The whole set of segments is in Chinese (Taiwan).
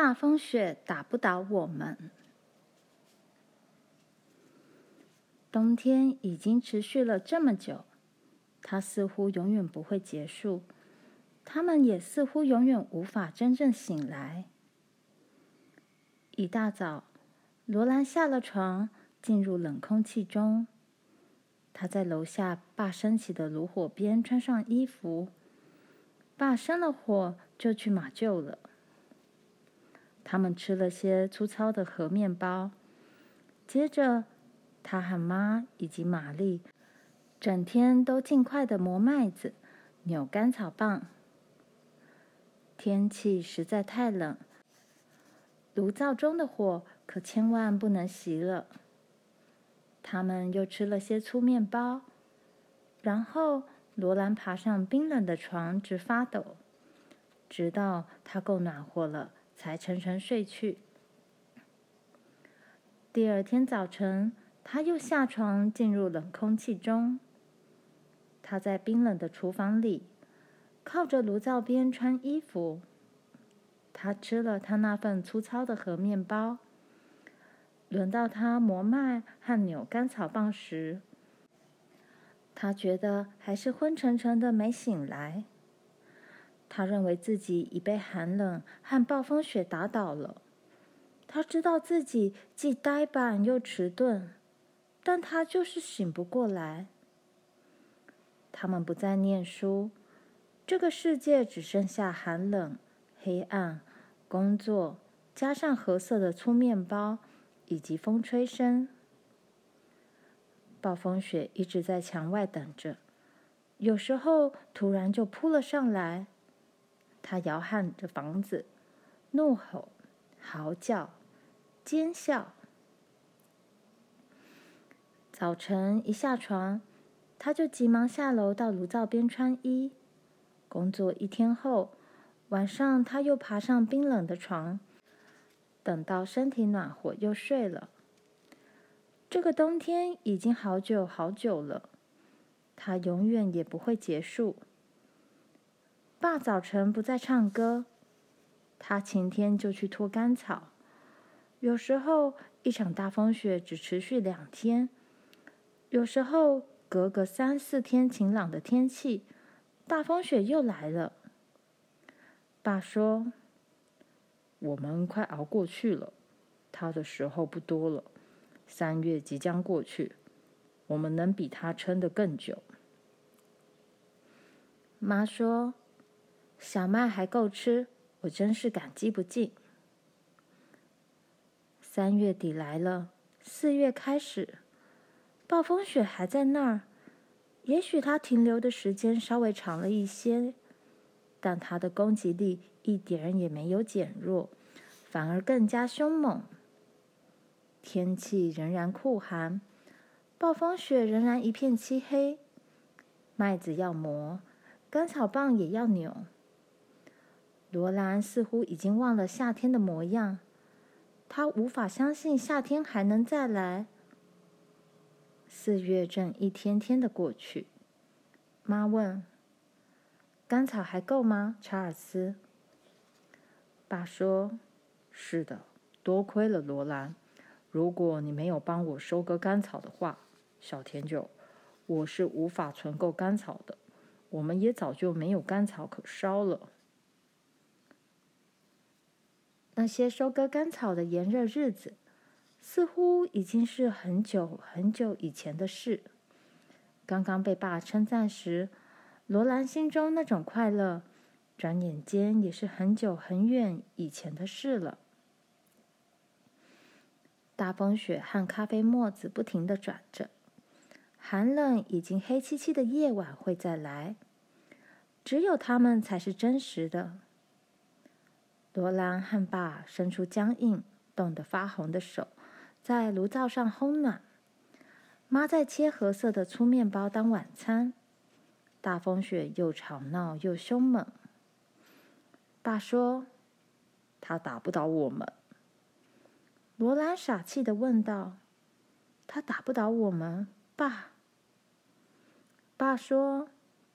大風雪打不倒我們。冬天已經持續了這麼久，它似乎永遠不會結束，他們也似乎永遠無法真正醒來。一大早，羅蘭下了床，進入冷空氣中。她在樓下爸生起的爐火邊穿上衣服。爸生了火，就去馬廄了。他們吃了些粗糙的和麵包，接着他和媽以及瑪麗整天都儘快的磨麥子、扭乾草棒。天氣實在太冷，爐灶中的火可千萬不能熄了。他們又吃了些粗麵包，然後羅蘭爬上冰冷的床，直發抖，直到他夠暖和了，才沉沉睡去。第二天早晨，他又下床進入冷空氣中。他在冰冷的廚房裡，靠着爐灶邊穿衣服。他吃了他那份粗糙的和麵包。輪到他磨麥和扭乾草棒時，他覺得還是昏沉沉的，沒醒來。他認為自己已被寒冷和暴風雪打倒了。他知道自己既呆板又遲鈍，但他就是醒不過來。他們不再念書，這個世界只剩下寒冷、黑暗、工作，加上褐色的粗麵包以及風吹聲。暴風雪一直在牆外等着，有時候突然就撲了上來。他搖撼着房子，怒吼、嚎叫、尖笑。早晨一下床，他就急忙下樓到爐灶邊穿衣。工作一天後，晚上他又爬上冰冷的床，等到身體暖和又睡了。這個冬天已經好久好久了，它永遠也不會結束。爸早晨不再唱歌，他晴天就去拖乾草。有時候一場大風雪只持續兩天，有時候隔個三四天晴朗的天氣，大風雪又來了。爸說：“我們快熬過去了，他的時候不多了。三月即將過去，我們能比他撐得更久。”媽說。小麥還夠吃，我真是感激不盡。三月底來了，四月開始，暴風雪還在那兒。也許它停留的時間稍微長了一些，但它的攻擊力一點也沒有減弱，反而更加兇猛。天氣仍然酷寒，暴風雪仍然一片漆黑。麥子要磨，乾草棒也要扭。羅蘭似乎已經忘了夏天的模樣，她無法相信夏天還能再來。四月正一天天的過去。媽問：“甘草還夠嗎？”查爾斯。爸說：“是的，多虧了羅蘭。如果你沒有幫我收割甘草的話，小甜酒，我是無法存夠甘草的。我們也早就沒有甘草可燒了。”那些收割乾草的炎熱日子，似乎已經是很久很久以前的事。剛剛被爸稱讚時，羅蘭心中那種快樂，轉眼間也是很久很遠以前的事了。大風雪和咖啡磨子不停地轉着，寒冷已經黑漆漆的夜晚會再來，只有他們才是真實的。羅蘭和爸伸出僵硬、凍得發紅的手，在爐灶上烘暖。媽在切褐色的粗麵包當晚餐。大風雪又吵鬧又兇猛。爸說：“他打不倒我們。”羅蘭傻氣地問道：“他打不倒我們？”爸。爸說：“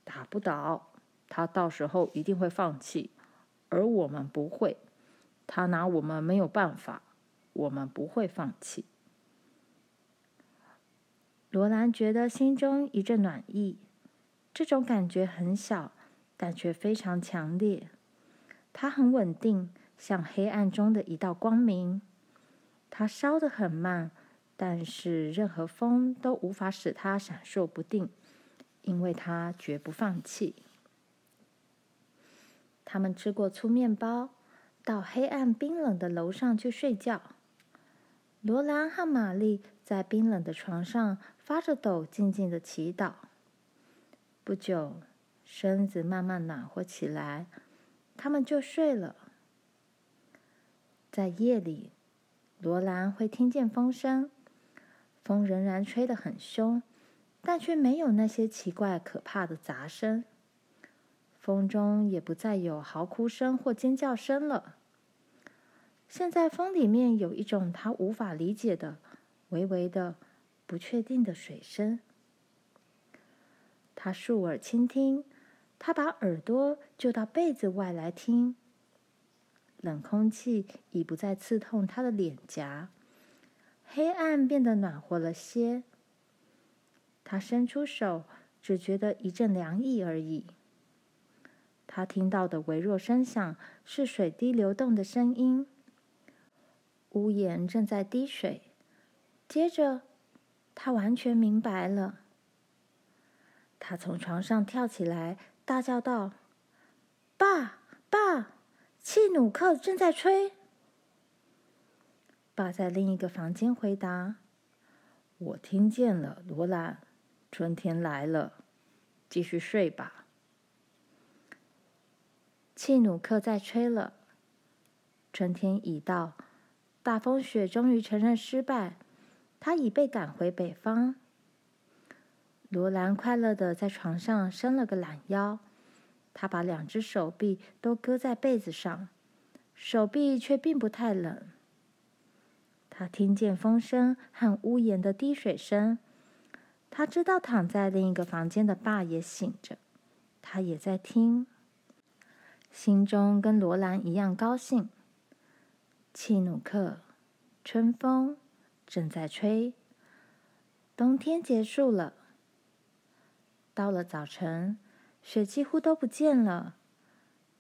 打不倒。他到時候一定會放棄。”而我們不會，他拿我們沒有辦法，我們不會放棄。羅蘭覺得心中一陣暖意，這種感覺很小，但卻非常強烈。它很穩定，像黑暗中的一道光明。它燒得很慢，但是任何風都無法使它閃爍不定，因為它絕不放棄。他們吃過粗麵包，到黑暗冰冷的樓上去睡覺。羅蘭和瑪麗在冰冷的床上發着抖，靜靜的祈禱。不久，身子慢慢暖和起來，他們就睡了。在夜裡，羅蘭會聽見風聲，風仍然吹得很凶，但卻沒有那些奇怪可怕的雜聲。風中也不再有嚎哭聲或尖叫聲了。現在風裡面有一種他無法理解的、微微的、不確定的水聲。他豎耳傾聽，他把耳朵就到被子外來聽。冷空氣已不再刺痛他的臉頰，黑暗變得暖和了些。他伸出手，只覺得一陣涼意而已。他聽到的微弱聲響是水滴流動的聲音，屋檐正在滴水。接着，他完全明白了。他從床上跳起來，大叫道：“爸爸，契努克正在吹！”爸在另一個房間回答：“我聽見了，羅蘭，春天來了，繼續睡吧。”契努克在吹了，春天已到，大風雪終於承認失敗，他已被趕回北方。羅蘭快樂地在床上伸了個懶腰，他把兩只手臂都擱在被子上，手臂卻並不太冷。他聽見風聲和屋檐的滴水聲，他知道躺在另一個房間的爸也醒着，他也在聽。心中跟羅蘭一樣高興。契努克，春風正在吹。冬天結束了。到了早晨，雪幾乎都不見了。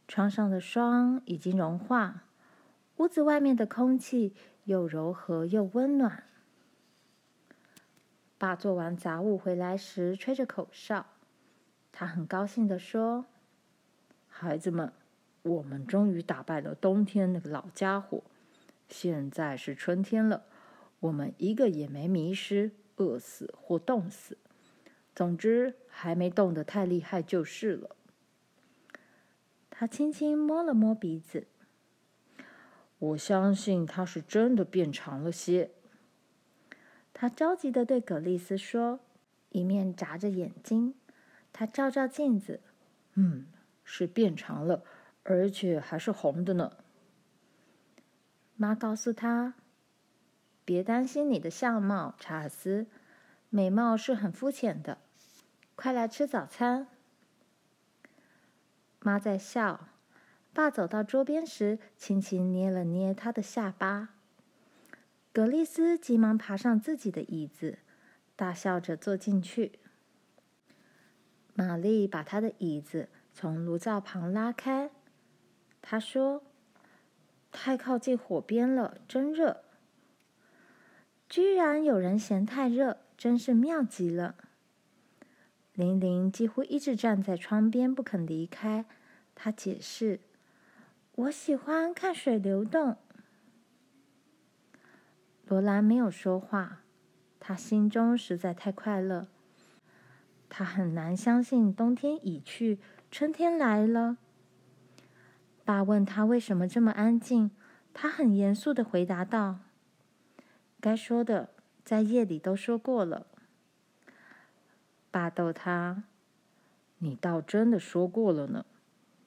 窗上的霜已經融化，屋子外面的空氣又柔和又溫暖。爸做完雜務回來時，吹着口哨。他很高興地說：“孩子們。”我們終於打敗了冬天那個老家伙，現在是春天了。我們一個也沒迷失、餓死或凍死，總之還沒凍得太厲害就是了。他輕輕摸了摸鼻子，我相信它是真的變長了些。他着急地對葛麗絲說，一面眨着眼睛。他照照鏡子，嗯，是變長了。而且還是紅的呢。媽告訴他：“別擔心你的相貌，查爾斯，美貌是很膚淺的。”快來吃早餐。媽在笑，爸走到桌邊時，輕輕捏了捏他的下巴。格麗絲急忙爬上自己的椅子，大笑着坐進去。瑪麗把他的椅子從爐灶旁拉開。他說：“太靠近火邊了，真熱。居然有人嫌太熱，真是妙極了。”玲玲幾乎一直站在窗邊不肯離開。他解釋：“我喜歡看水流動。”羅蘭沒有說話，他心中實在太快樂。他很難相信冬天已去，春天來了。爸問他為什麼這麼安靜，他很嚴肅的回答道：“該說的在夜裡都說過了。”爸逗他：“你倒真的說過了呢，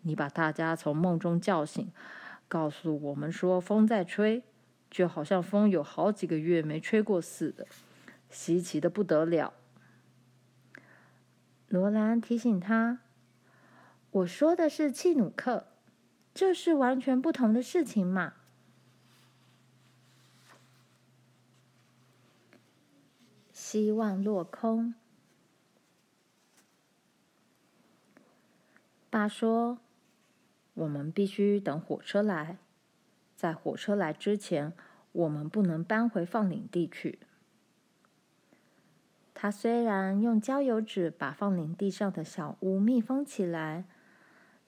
你把大家從夢中叫醒，告訴我們說風在吹，就好像風有好幾個月沒吹過似的，稀奇的不得了。”羅蘭提醒他：“我說的是契努克。”這是完全不同的事情嘛。希望落空。爸說：「我們必須等火車來，在火車來之前，我們不能搬回放領地去。」他雖然用焦油紙，把放領地上的小屋密封起來。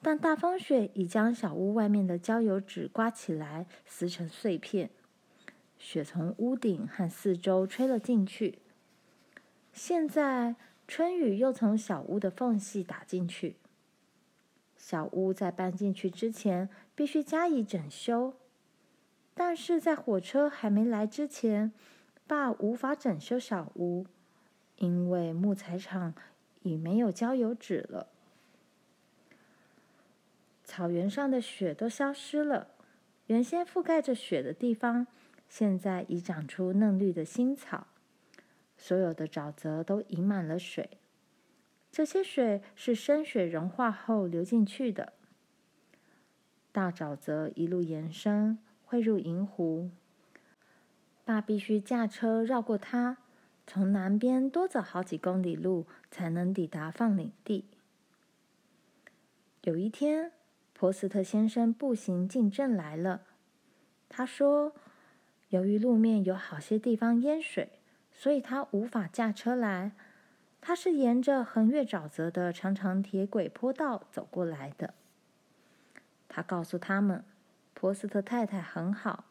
但大風雪已將小屋外面的焦油紙颳起來，撕成碎片。雪從屋頂和四周吹了進去。現在春雨又從小屋的縫隙打進去。小屋在搬進去之前必須加以整修，但是在火車還沒來之前，爸無法整修小屋，因為木材廠已沒有焦油紙了。草原上的雪都消失了，原先覆蓋着雪的地方，現在已長出嫩綠的新草。所有的沼澤都溢滿了水，這些水是深雪融化後流進去的。大沼澤一路延伸，匯入銀湖。爸必須駕車繞過它，從南邊多走好幾公里路，才能抵達放領地。有一天，波斯特先生步行進鎮來了。他說：“由於路面有好些地方淹水，所以他無法駕車來。他是沿着橫越沼澤的長長鐵軌坡道走過來的。”他告訴他們：“波斯特太太很好。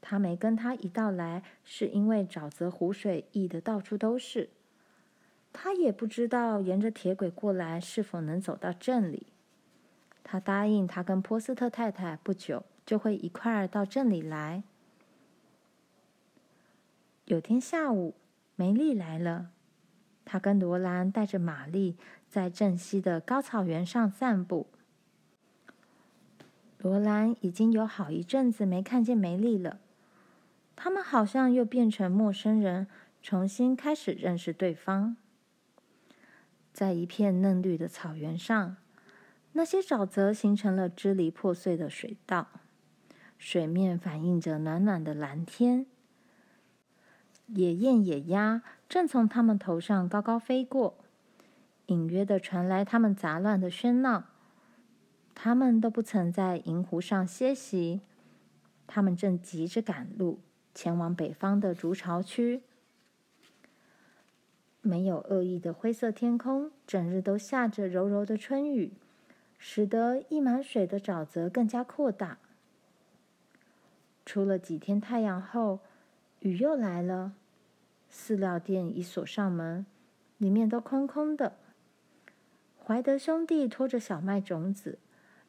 她沒跟他一道來，是因為沼澤湖水溢得到處都是。她也不知道沿着鐵軌過來是否能走到鎮裡。”他答應，他跟波斯特太太不久就會一塊兒到鎮裡來。有天下午，梅麗來了，他跟羅蘭帶着瑪麗在鎮西的高草原上散步。羅蘭已經有好一陣子沒看見梅麗了，他們好像又變成陌生人，重新開始認識對方。在一片嫩綠的草原上。那些沼澤形成了支離破碎的水道，水面反映着暖暖的藍天。野雁、野鴨正從它們頭上高高飛過，隱約地傳來它們雜亂的喧鬧。它們都不曾在銀湖上歇息，它們正急着趕路，前往北方的築巢區。沒有惡意的灰色天空，整日都下着柔柔的春雨。使得溢滿水的沼澤更加擴大。出了幾天太陽後，雨又來了。飼料店已鎖上門，裡面都空空的。懷德兄弟拖着小麥種子，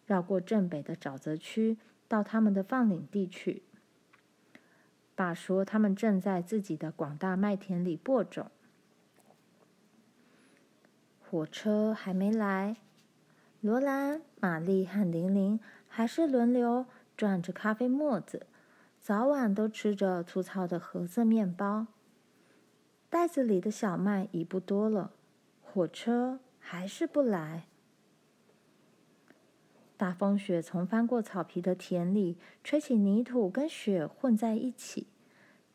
繞過鎮北的沼澤區，到他們的放領地去。爸說他們正在自己的廣大麥田裡播種。火車還沒來。羅蘭、瑪麗和玲玲還是輪流轉着咖啡沫子，早晚都吃着粗糙的褐色麵包。袋子裡的小麥已不多了，火車還是不來。大風雪從翻過草皮的田裡吹起，泥土跟雪混在一起，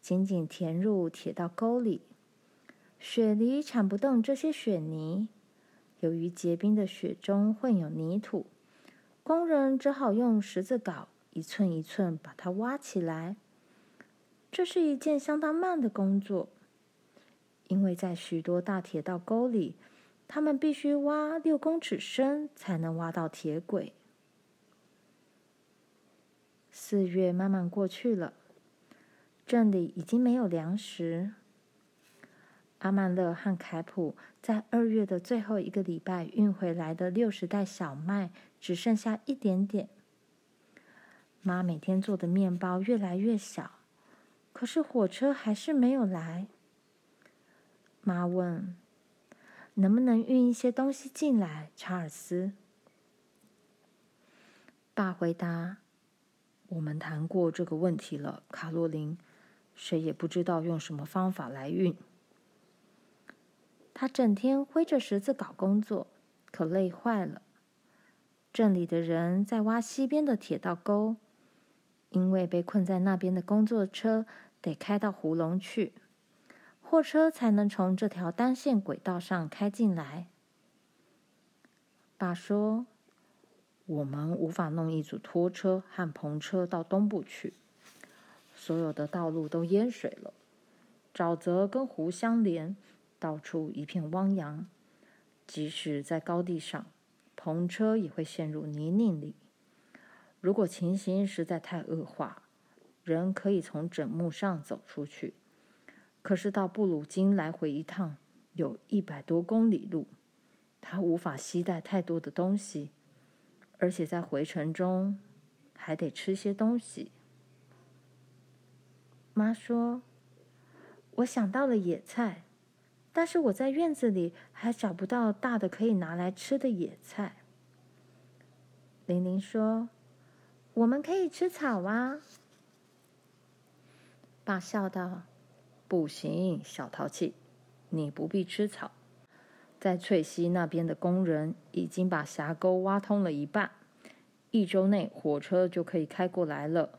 緊緊填入鐵道溝裡。雪犁鏟不動這些雪泥。由於結冰的雪中混有泥土，工人只好用十字鎬一寸一寸把它挖起來。這是一件相當慢的工作，因為在許多大鐵道溝裡，他們必須挖六公尺深才能挖到鐵軌。四月慢慢過去了，鎮裡已經沒有糧食。阿曼勒和凱普在二月的最後一個禮拜運回來的六十袋小麥只剩下一點點。媽每天做的麵包越來越小，可是火車還是沒有來。媽問：“能不能運一些東西進來，查爾斯？”爸回答：“我們談過這個問題了，卡洛琳。誰也不知道用什麼方法來運。”他整天揮着十字鎬工作，可累壞了。鎮裡的人在挖西邊的鐵道溝，因為被困在那邊的工作車得開到湖龍去，貨車才能從這條單線軌道上開進來。爸說：“我們無法弄一組拖車和篷車到東部去，所有的道路都淹水了，沼澤跟湖相連。”到處一片汪洋，即使在高地上，篷車也會陷入泥濘裡。如果情形實在太惡化，人可以從枕木上走出去。可是到布魯金來回一趟有一百多公里路，他無法攜帶太多的東西，而且在回程中還得吃些東西。媽說：“我想到了野菜。”但是我在院子裡還找不到大的可以拿來吃的野菜。玲玲說：“我們可以吃草啊。”爸笑道：“不行，小淘氣，你不必吃草。在翠西那邊的工人已經把峽溝挖通了一半，一周內火車就可以開過來了。”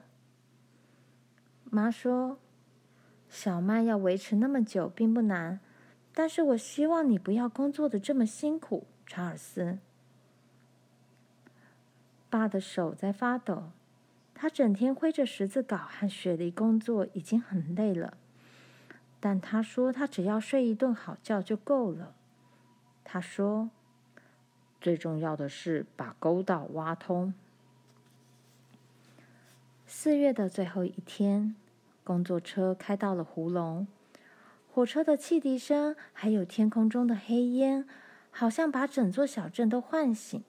媽說：“小麥要維持那麼久並不難。”但是我希望你不要工作的這麼辛苦，查爾斯。爸的手在發抖，他整天揮着十字鎬和雪梨工作，已經很累了。但他說他只要睡一頓好覺就夠了。他說，最重要的是把溝道挖通。四月的最後一天，工作車開到了湖龍。火車的汽笛聲，還有天空中的黑煙，好像把整座小鎮都喚醒。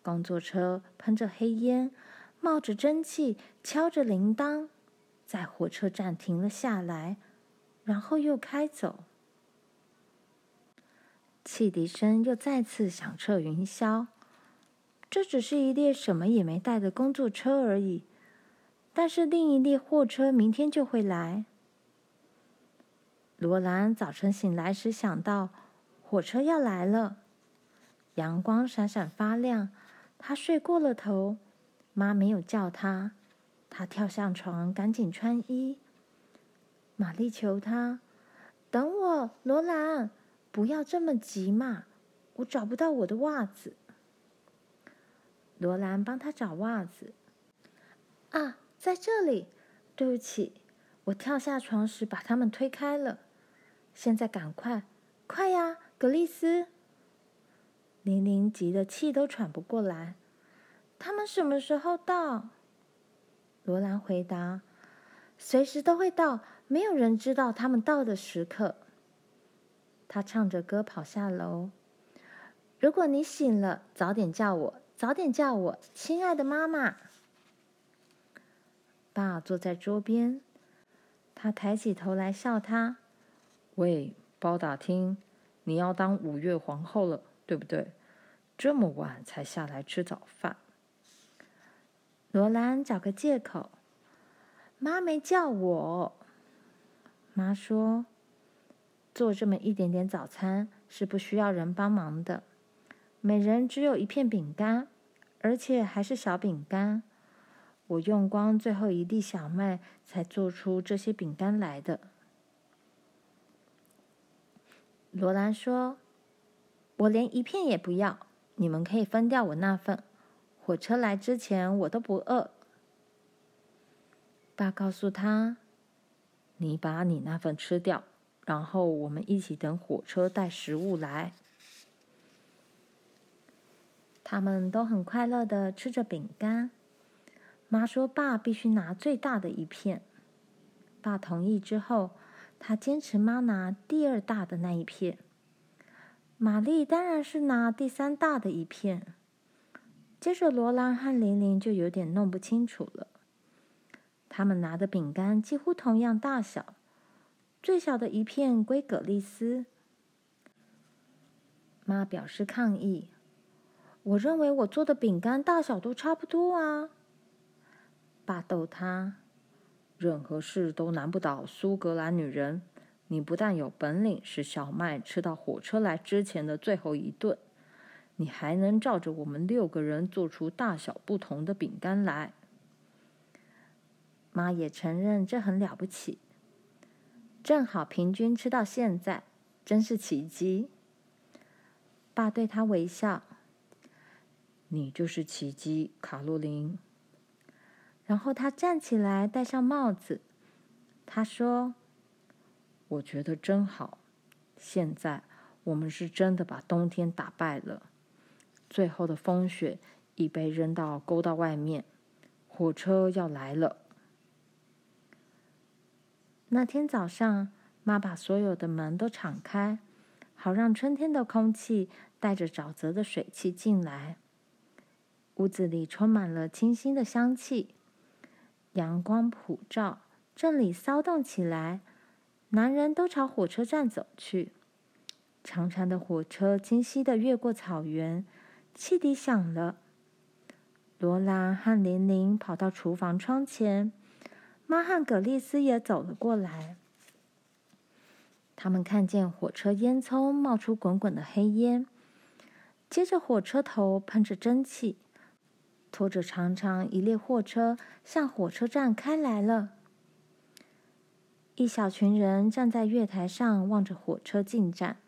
工作車噴着黑煙，冒着蒸汽，敲着鈴鐺，在火車站停了下來，然後又開走。汽笛聲又再次響徹雲霄。這只是一列什麼也沒帶的工作車而已，但是另一列貨車明天就會來。羅蘭早晨醒來時想到，火車要來了，陽光閃閃發亮。他睡過了頭，媽沒有叫他，他跳下床趕緊穿衣。瑪麗求他：“等我，羅蘭，不要這麼急嘛，我找不到我的襪子。”羅蘭幫他找襪子。啊，在這裡！對不起，我跳下床時把他們推開了。現在趕快，快呀，格麗斯！玲玲急得氣都喘不過來。他們什麼時候到？羅蘭回答：“隨時都會到，沒有人知道他們到的時刻。”她唱着歌跑下樓。如果你醒了，早點叫我，早點叫我，親愛的媽媽。爸坐在桌邊，他抬起頭來笑她。喂，包打聽，你要當五月皇後了，對不對？這麼晚才下來吃早飯。羅蘭找個借口：“媽沒叫我。”媽說：“做這麼一點點早餐是不需要人幫忙的，每人只有一片餅乾，而且還是小餅乾。我用光最後一粒小麥才做出這些餅乾來的。”羅蘭說：“我連一片也不要，你們可以分掉我那份。火車來之前，我都不餓。”爸告訴他：“你把你那份吃掉，然後我們一起等火車帶食物來。”他們都很快樂的吃着餅乾。媽說：“爸必須拿最大的一片。”爸同意之後。他堅持媽拿第二大的那一片，瑪麗當然是拿第三大的一片。接着羅蘭和玲玲就有點弄不清楚了，他們拿的餅乾幾乎同樣大小，最小的一片歸葛麗絲。媽表示抗議：“我認為我做的餅乾大小都差不多啊！”爸逗他。任何事都難不倒蘇格蘭女人。你不但有本領使小麥吃到火車來之前的最後一頓，你還能照着我們六個人做出大小不同的餅乾來。媽也承認這很了不起，正好平均吃到現在，真是奇蹟。爸對她微笑：“你就是奇蹟，卡洛琳。”然後他站起來，戴上帽子。他說：“我覺得真好。現在我們是真的把冬天打敗了。最後的風雪已被扔到溝道外面。火車要來了。那天早上，媽把所有的門都敞開，好讓春天的空氣帶着沼澤的水汽進來。屋子裡充滿了清新的香氣。”陽光普照，鎮裡騷動起來，男人都朝火車站走去。長長的火車清晰地越過草原，汽笛響了。羅蘭和琳琳跑到廚房窗前，媽和葛麗絲也走了過來。他們看見火車煙囪冒出滾滾的黑煙，接着火車頭噴着蒸汽。拖着長長一列貨車向火車站開來了。一小群人站在月台上望着火車進站，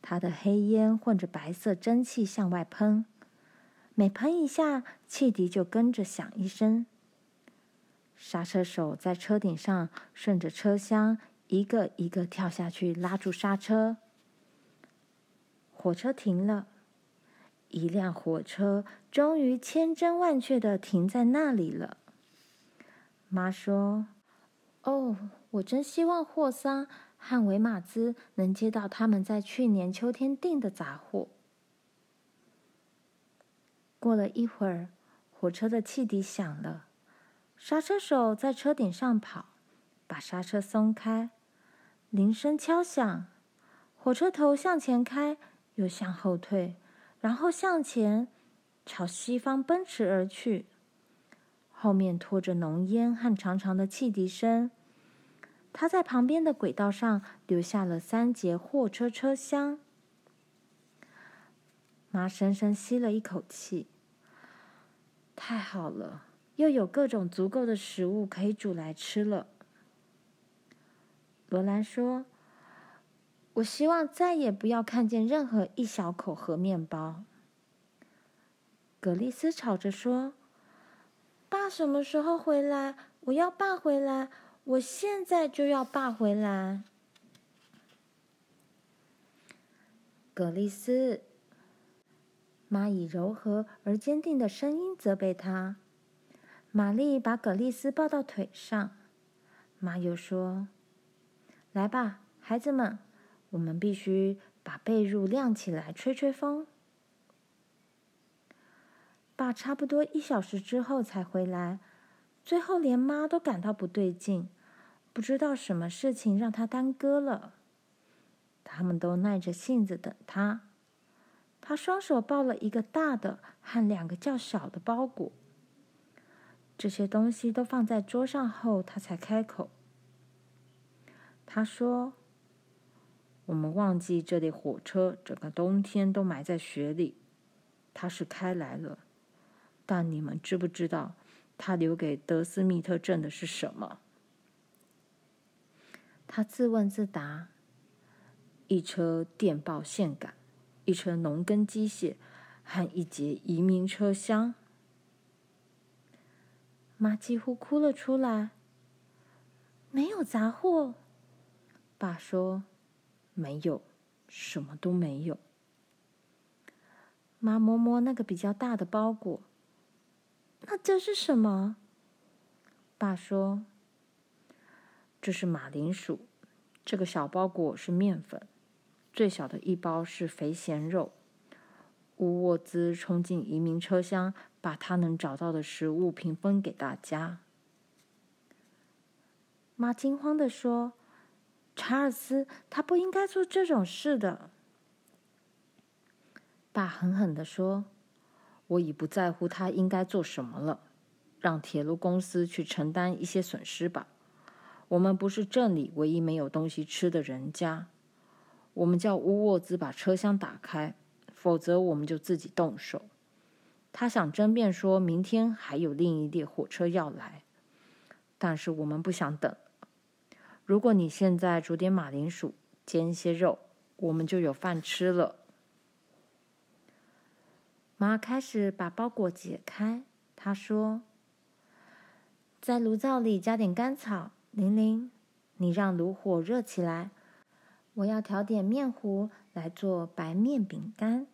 他的黑煙混着白色蒸汽向外噴，每噴一下，汽笛就跟着響一聲。剎車手在車頂上順着車廂一個一個跳下去拉住剎車，火車停了。一輛火車終於千真萬確地停在那裡了。媽說：“哦，我真希望霍桑和維馬茲能接到他們在去年秋天訂的雜貨。”過了一會兒，火車的汽笛響了，剎車手在車頂上跑，把剎車鬆開，鈴聲敲響，火車頭向前開，又向後退。然後向前，朝西方奔馳而去，後面拖着濃煙和長長的汽笛聲。他在旁邊的軌道上留下了三節貨車車廂。媽深深吸了一口氣：“太好了，又有各種足夠的食物可以煮來吃了。”羅蘭說。我希望再也不要看見任何一小口和麵包。”葛麗絲吵着說，“爸什麼時候回來？我要爸回來！我現在就要爸回來！”葛麗絲媽以柔和而堅定的聲音責備他。瑪麗把葛麗絲抱到腿上，媽又說：“來吧，孩子們。”我們必須把被褥晾起來，吹吹風。爸差不多一小時之後才回來，最後連媽都感到不對勁，不知道什麼事情讓他耽擱了。他們都耐着性子等他。他雙手抱了一個大的和兩個較小的包裹，這些東西都放在桌上後，他才開口。他說。我們忘記這列火車整個冬天都埋在雪裡，它是開來了，但你們知不知道，它留給德斯密特鎮的是什麼？他自問自答：一車電報線桿，一車農耕機械，和一節移民車廂。媽幾乎哭了出來。沒有雜貨。爸說。沒有，什麼都沒有。媽摸摸那個比較大的包裹，那這是什麼？爸說：“這是馬鈴薯，這個小包裹是麵粉，最小的一包是肥鹹肉。”烏沃茲衝進移民車廂，把他能找到的食物平分給大家。媽驚慌地說，“查爾斯，他不應該做這種事的。”爸狠狠地說，“我已不在乎他應該做什麼了，讓鐵路公司去承擔一些損失吧。我們不是這裡唯一沒有東西吃的人家。我們叫烏沃茲把車廂打開，否則我們就自己動手。他想爭辯說，明天還有另一列火車要來，但是我們不想等。”如果你現在煮點馬鈴薯，煎一些肉，我們就有飯吃了。媽開始把包裹解開，她說：“在爐灶裡加點乾草，玲玲，你讓爐火熱起來。我要調點麵糊來做白麵餅乾。”